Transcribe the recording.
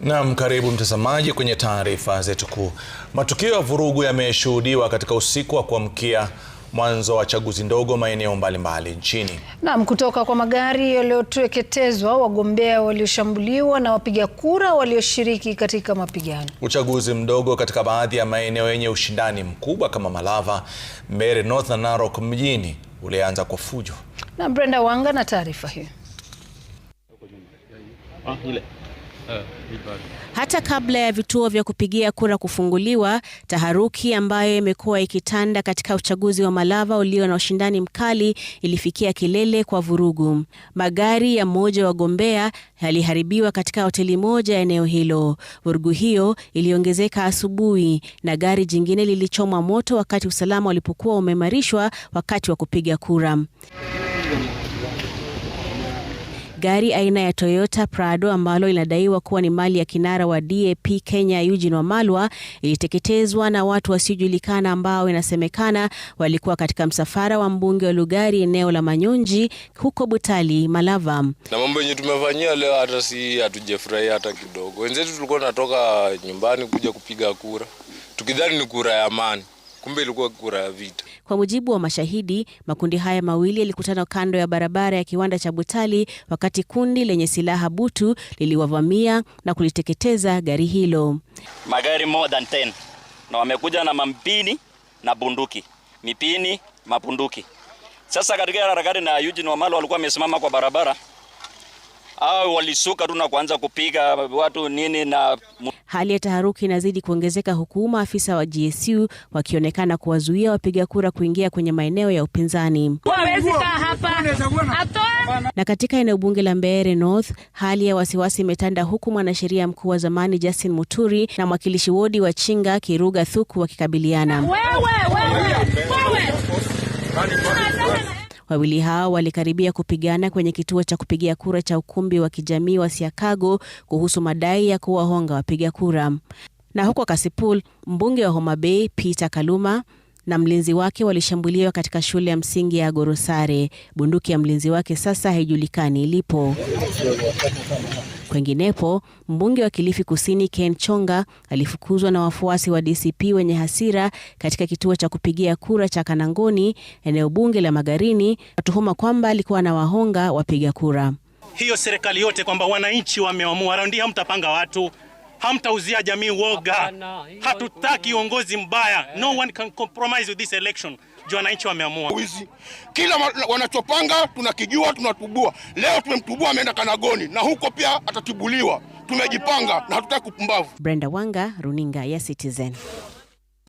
Naam, karibu mtazamaji kwenye taarifa zetu kuu. Matukio ya vurugu yameshuhudiwa katika usiku wa kuamkia mwanzo wa chaguzi ndogo maeneo mbalimbali nchini. Naam, kutoka kwa magari yaliyoteketezwa, wagombea walioshambuliwa na wapiga kura walioshiriki katika mapigano. Uchaguzi mdogo katika baadhi ya maeneo yenye ushindani mkubwa kama Malava, Mbeere North na Narok mjini ulianza kwa fujo. Na Brenda Wanga na taarifa hiyo. Ah, Eh, Hata kabla ya vituo vya kupigia kura kufunguliwa, taharuki ambayo imekuwa ikitanda katika uchaguzi wa Malava ulio na ushindani mkali ilifikia kilele kwa vurugu. Magari ya mmoja wagombea yaliharibiwa katika hoteli moja ya eneo hilo. Vurugu hiyo iliongezeka asubuhi na gari jingine lilichomwa moto wakati usalama ulipokuwa umeimarishwa wakati wa kupiga kura. Gari aina ya Toyota Prado ambalo linadaiwa kuwa ni mali ya kinara wa DAP Kenya Eugene Wamalwa iliteketezwa na watu wasiojulikana ambao inasemekana walikuwa katika msafara wa mbunge wa Lugari eneo la Manyunji huko Butali, Malava. Na mambo yenye tumefanyia leo hata si hatujafurahia hata kidogo. Wenzetu tulikuwa natoka nyumbani kuja kupiga kura tukidhani ni kura ya amani kumbe ilikuwa kura ya vita. Kwa mujibu wa mashahidi, makundi haya mawili yalikutana kando ya barabara ya kiwanda cha Butali wakati kundi lenye silaha butu liliwavamia na kuliteketeza gari hilo. Magari more than 10 na wamekuja na mampini na bunduki, mipini, mapunduki Sasa katika harakati na Eugene Wamalo walikuwa wamesimama kwa barabara au walisuka tu na kuanza kupiga watu nini na hali ya taharuki inazidi kuongezeka huku maafisa wa GSU wakionekana kuwazuia wapiga kura kuingia kwenye maeneo ya upinzani. Na katika eneo bunge la Mbeere North, hali ya wasiwasi imetanda huku mwanasheria mkuu wa zamani Justin Muturi na mwakilishi wodi wa Chinga Kiruga Thuku wakikabiliana. Wawili hao walikaribia kupigana kwenye kituo cha kupigia kura cha ukumbi wa kijamii wa Siakago kuhusu madai ya kuwahonga wapiga kura. Na huko Kasipul, mbunge wa Homa Bay Peter Kaluma na mlinzi wake walishambuliwa katika shule ya msingi ya Gorosare. Bunduki ya mlinzi wake sasa haijulikani ilipo. Kwenginepo, mbunge wa Kilifi Kusini Ken Chonga alifukuzwa na wafuasi wa DCP wenye hasira katika kituo cha kupigia kura cha Kanangoni, eneo bunge la Magarini, watuhuma kwamba alikuwa na wahonga wapiga kura. Hiyo serikali yote kwamba wananchi wameamua raundi, hamtapanga watu, hamtauzia jamii woga, hatutaki uongozi mbaya. No eh. one can compromise with this election juu wananchi wameamua. Wizi kila wanachopanga tunakijua, tunatubua. Leo tumemtubua ameenda Kanagoni na huko pia atatibuliwa. Tumejipanga na hatutaki kupumbavu. Brenda Wanga, runinga ya Citizen.